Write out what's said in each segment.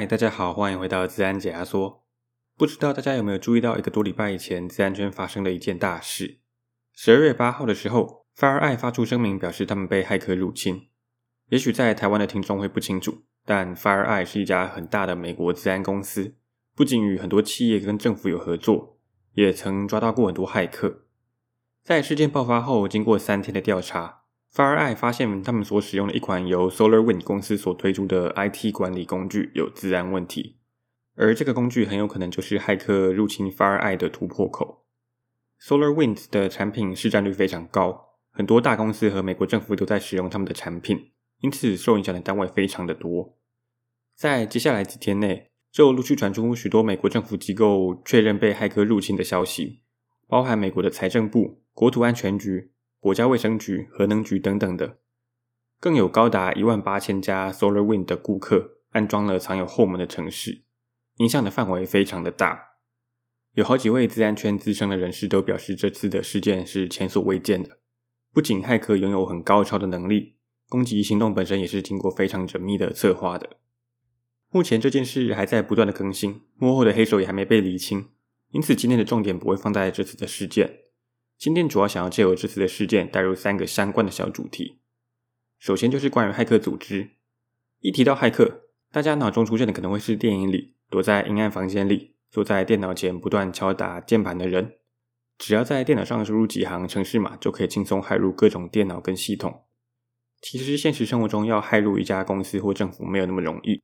嗨，大家好，歡迎回到資安解壓縮。不知道大家有沒有注意到，一個多禮拜以前，資安圈發生了一件大事。十二月八號的時候，FireEye 發出聲明，表示他們被駭客入侵。也許在台灣的聽眾會不清楚，但 FireEye 是一家很大的美國資安公司，不僅與很多企業跟政府有合作，也曾抓到過很多駭客。在事件爆發後，經過三天的調查。FireEye 發現，他們所使用的一款由 SolarWind 公司所推出的 IT 管理工具有資安問題，而這個工具很有可能就是駭客入侵 FireEye 的突破口。SolarWind 的產品市占率非常高，很多大公司和美國政府都在使用他們的產品，因此受影響的單位非常的多。在接下來幾天內，就陸續傳出許多美國政府機構確認被駭客入侵的消息，包含美國的財政部、國土安全局、國家衛生局、核能局等等的，更有高達一萬八千家 SolarWinds 的顧客安裝了藏有後門的程式，影響的範圍非常的大。有好幾位資安圈資深的人士都表示，這次的事件是前所未見的。不僅駭客擁有很高超的能力，攻擊行動本身也是經過非常縝密的策劃的。目前這件事還在不斷的更新，幕後的黑手也還沒被釐清，因此今天的重點不會放在這次的事件。今天主要想要借由這次的事件，帶入三個相關的小主題。首先就是關於駭客組織。一提到駭客，大家腦中出現的可能會是電影裡躲在陰暗房間裡，坐在電腦前不斷敲打鍵盤的人。只要在電腦上輸入幾行程式碼，就可以輕鬆駭入各種電腦跟系統。其實現實生活中要駭入一家公司或政府沒有那麼容易。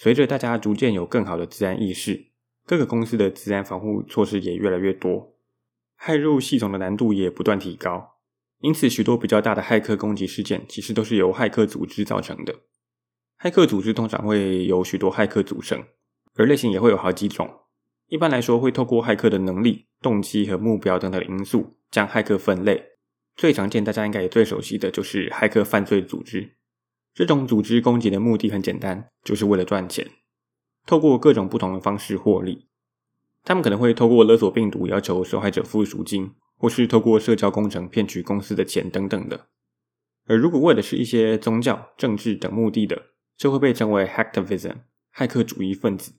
隨着大家逐漸有更好的資安意識，各個公司的資安防護措施也越來越多。駭入系統的難度也不斷提高，因此許多比較大的駭客攻擊事件其實都是由駭客組織造成的。駭客組織通常會由許多駭客組成，而類型也會有好幾種。一般來說，會透過駭客的能力、動機和目標等等的因素，將駭客分類。最常見，大家應該也最熟悉的就是駭客犯罪組織。這種組織攻擊的目的很簡單，就是為了賺錢，透過各種不同的方式獲利。他們可能會透過勒索病毒要求受害者付贖金，或是透過社交工程騙取公司的錢等等的。而如果為的是一些宗教、政治等目的的，就會被稱為 hacktivism（ 駭客主義）分子。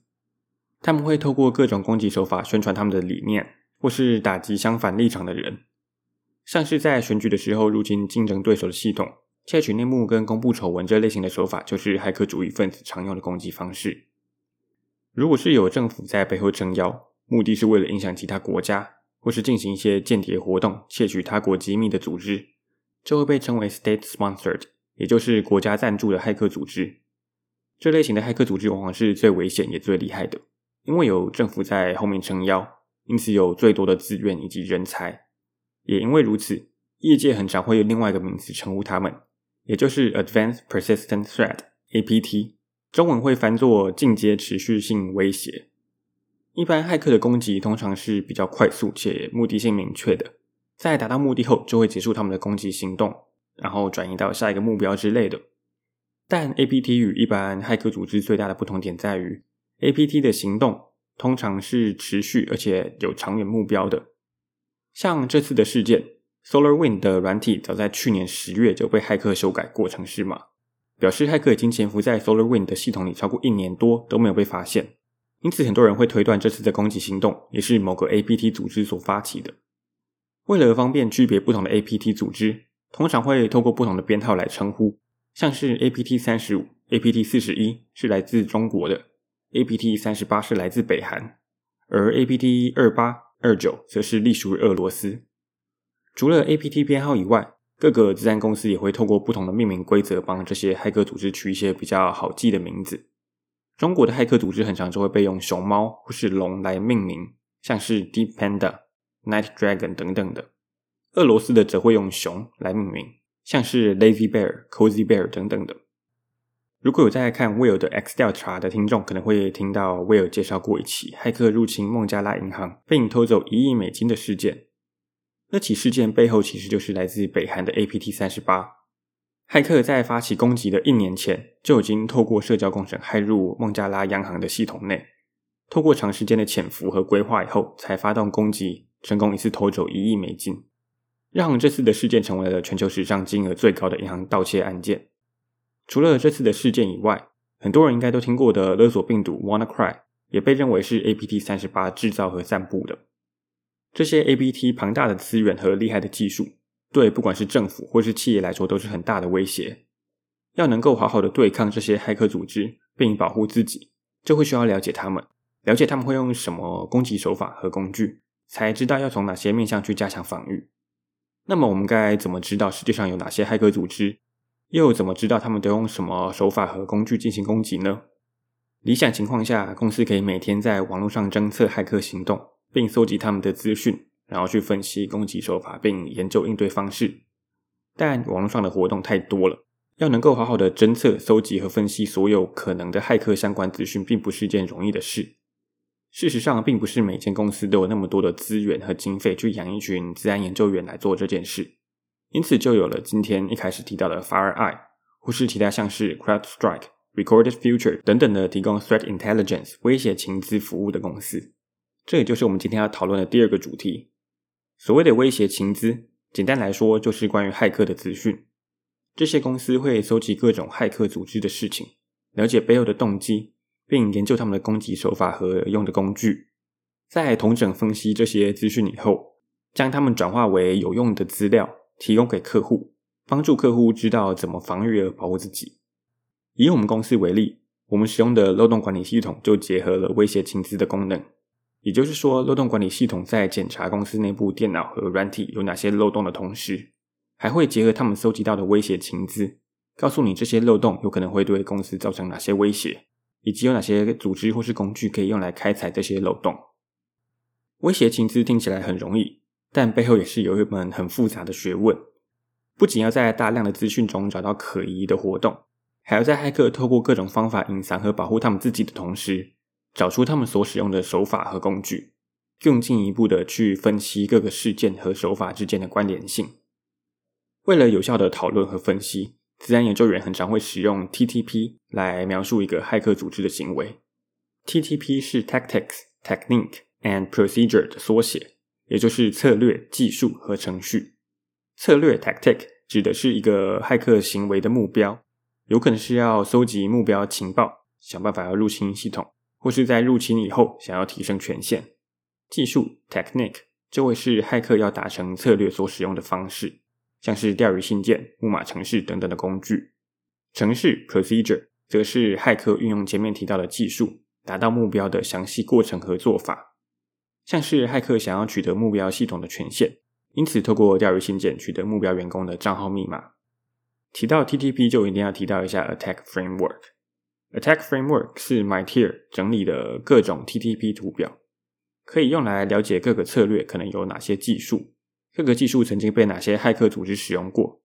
他們會透過各種攻擊手法宣傳他們的理念，或是打擊相反立場的人。像是在選舉的時候入侵競爭對手的系統，竊取內幕跟公布醜聞這類型的手法，就是駭客主義分子常用的攻擊方式。如果是有政府在背後撐腰，目的是為了影響其他國家，或是進行一些間諜活動、竊取他國機密的組織，這會被稱為 state-sponsored，也就是國家贊助的駭客組織。這類型的駭客組織往往是最危險也最厲害的，因為有政府在後面撐腰，因此有最多的資源以及人才。也因為如此，業界很常會用另外一個名詞稱呼他們，也就是 Advanced Persistent Threat（APT），中文會翻作進階持續性威脅。一般駭客的攻擊通常是比較快速且目的性明確的，在達到目的後就會結束他們的攻擊行動，然後轉移到下一個目標之類的。但 APT 與一般駭客組織最大的不同點在於，APT 的行動通常是持續而且有長遠目標的。像這次的事件，SolarWinds 的軟體早在去年十月就被駭客修改過程式碼，表示駭客已經潛伏在 SolarWinds 的系統裡超過一年多都沒有被發現。因此，很多人會推斷這次的攻擊行動也是某個 APT 組織所發起的。為了方便區別不同的 APT 組織，通常會透過不同的編號來稱呼，像是 APT 三十五、APT 四十一是來自中國的，APT 三十八是來自北韓，而 APT 二八、二九則是隸屬於俄羅斯。除了 APT 編號以外，各個資安公司也會透過不同的命名規則，幫這些駭客組織取一些比較好記的名字。中國的駭客組織很常就會被用熊貓或是龍來命名，像是 Deep Panda、Night Dragon 等等的。俄羅斯的則會用熊來命名，像是 Lazy Bear、Cozy Bear 等等的。如果有在看 Will 的 X 調查的聽眾，可能會聽到 Will 介紹過一起駭客入侵孟加拉銀行並偷走一億美金的事件。那起事件背後其實就是來自北韓的 APT 三十八。駭客在發起攻擊的一年前就已經透過社交工程駭入孟加拉央行的系統內，透過長時間的潛伏和規劃以後才發動攻擊，成功一次偷走一億美金，讓這次的事件成為了全球史上金額最高的銀行盜竊案件。除了這次的事件以外，很多人應該都聽過的勒索病毒 WannaCry 也被認為是 APT 三十八制造和散布的。這些 APT 龐大的資源和厲害的技術。對，不管是政府或是企業來說，都是很大的威脅。要能夠好好的對抗這些駭客組織，並保護自己，就會需要了解他們，了解他們會用什麼攻擊手法和工具，才知道要從哪些面向去加強防禦。那麼，我們該怎麼知道世界上有哪些駭客組織？又怎麼知道他們都用什麼手法和工具進行攻擊呢？理想情況下，公司可以每天在網絡上偵測駭客行動，並蒐集他們的資訊。然後去分析攻擊手法，並研究應對方式。但網絡上的活動太多了，要能夠好好的偵測、蒐集和分析所有可能的駭客相關資訊，並不是件容易的事。事實上，並不是每一間公司都有那麼多的資源和經費去養一群資安研究員來做這件事。因此，就有了今天一開始提到的 FireEye，或是其他像是 CrowdStrike、Recorded Future 等等的提供 Threat Intelligence 威脅情資服務的公司。這也就是我們今天要討論的第二個主題。所謂的威脅情資，簡單來說就是關於駭客的資訊。這些公司會收集各種駭客組織的事情，了解背後的動機，並研究他們的攻擊手法和用的工具。在統整分析這些資訊以後，將它們轉化為有用的資料，提供給客戶，幫助客戶知道怎麼防禦和保護自己。以我們公司為例，我們使用的漏洞管理系統就結合了威脅情資的功能。也就是說，漏洞管理系統在檢查公司內部電腦和軟體有哪些漏洞的同時，還會結合他們收集到的威脅情資，告訴你這些漏洞有可能會對公司造成哪些威脅，以及有哪些組織或是工具可以用來開採這些漏洞。威脅情資聽起來很容易，但背後也是有一門很複雜的學問，不僅要在大量的資訊中找到可疑的活動，還要在駭客透過各種方法隱藏和保護他們自己的同時，找出他們所使用的手法和工具，更進一步的去分析各個事件和手法之間的關聯性。為了有效的討論和分析，資安研究員很常會使用 TTP 來描述一個駭客組織的行為。TTP 是 Tactics, Technique and Procedure 的縮寫，也就是策略、技術和程序。策略 Tactic 指的是一個駭客行為的目標，有可能是要搜集目標情報，想辦法要入侵系統。或是在入侵以後想要提升權限，技術 （technique） 就會是駭客要達成策略所使用的方式，像是釣魚信件、木馬程式等等的工具。程式 （procedure） 則是駭客運用前面提到的技術達到目標的詳細過程和做法，像是駭客想要取得目標系統的權限，因此透過釣魚信件取得目標員工的賬號密碼。提到 TTP 就一定要提到一下 attack framework。Attack Framework 是 MITRE 整理的各種 TTP 圖表，可以用來了解各個策略可能有哪些技術，各個技術曾經被哪些駭客組織使用過，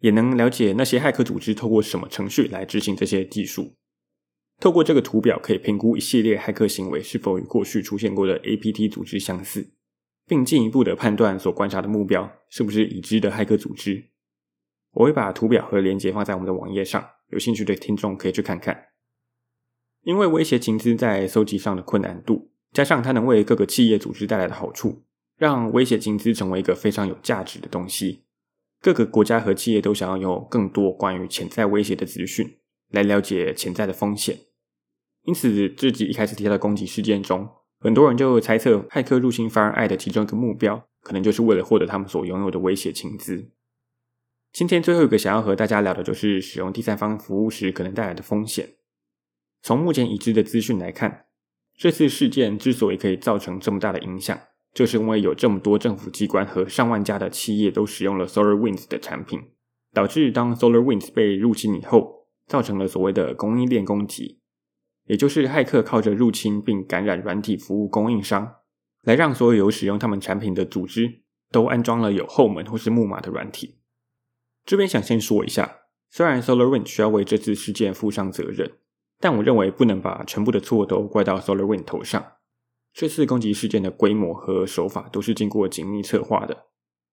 也能了解那些駭客組織透過什麼程序來執行這些技術。透過這個圖表，可以評估一系列駭客行為是否與過去出現過的 APT 組織相似，並進一步的判斷所觀察的目標是不是已知的駭客組織。我會把圖表和連接放在我們的網頁上，有興趣的聽眾可以去看看。因為威脅情報在收集上的困難度，加上它能為各個企業組織帶來的好處，讓威脅情報成為一個非常有價值的東西。各個國家和企業都想要有更多關於潛在威脅的資訊，來了解潛在的風險。因此，自己一開始提到的攻擊事件中，很多人就猜測，駭客入侵方案 r 的其中一個目標，可能就是為了獲得他們所擁有的威脅情報。今天最後一個想要和大家聊的就是使用第三方服務時可能帶來的風險。從目前已知的資訊來看，這次事件之所以可以造成這麼大的影響，就是因為有這麼多政府機關和上萬家的企業都使用了 SolarWinds 的產品，導致當 SolarWinds 被入侵以後，造成了所謂的供應鏈攻擊，也就是駭客靠着入侵並感染軟體服務供應商，來讓所有有使用他們產品的組織都安裝了有後門或是木馬的軟體。這邊想先說一下，雖然 SolarWinds 需要為這次事件負上責任，但我認為不能把全部的錯都怪到 SolarWinds 頭上。這次攻擊事件的規模和手法都是經過緊密策劃的。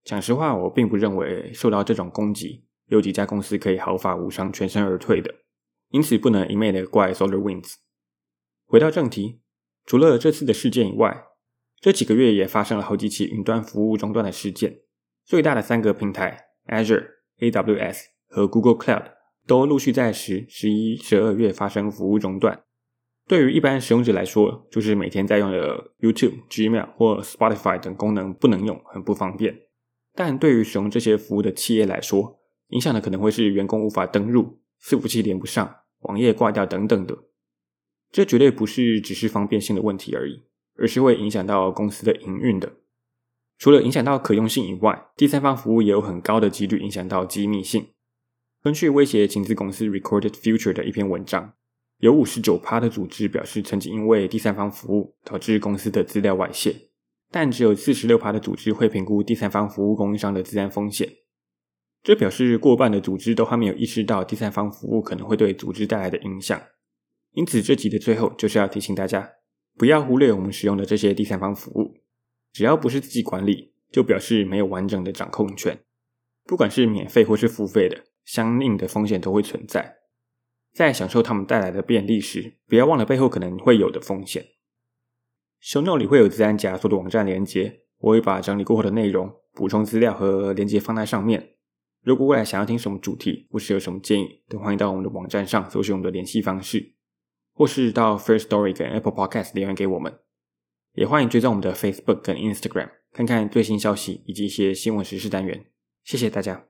講實話，我並不認為受到這種攻擊有幾家公司可以毫髮無傷、全身而退的，因此不能一昧的怪 SolarWinds。回到正題，除了這次的事件以外，這幾個月也發生了好幾起雲端服務中斷的事件，最大的三個平台 Azure。AWS 和 Google Cloud 都陸續在十、十一、十二月發生服務中斷。對於一般使用者來說，就是每天在用的 YouTube、Gmail 或 Spotify 等功能不能用，很不方便。但對於使用這些服務的企業來說，影響的可能會是員工無法登入，伺服器連不上、網頁掛掉等等的。這絕對不是只是方便性的問題而已，而是會影響到公司的營運的。除了影響到可用性以外，第三方服務也有很高的幾率影響到機密性。根據威脅情資公司 Recorded Future 的一篇文章，有五十九趴的組織表示曾經因為第三方服務導致公司的資料外泄，但只有四十六趴的組織會評估第三方服務供應商的資源風險。這表示過半的組織都還沒有意識到第三方服務可能會對組織帶來的影響。因此，這集的最後就是要提醒大家，不要忽略我們使用的這些第三方服務。只要不是自己管理，就表示沒有完整的掌控權。不管是免費或是付費的，相應的風險都會存在。在享受他們帶來的便利時，不要忘了背後可能會有的風險。ShowNote 裡會有資安解壓縮的網站連接，我會把整理過後的內容、補充資料和連接放在上面。如果未來想要聽什麼主題，或是有什麼建議，都歡迎到我們的網站上，或是我們的聯繫方式，或是到 Firstory 跟 Apple Podcast 留言給我們。也歡迎追蹤我們的 Facebook 跟 Instagram，看看最新消息，以及一些新聞時事單元。謝謝大家。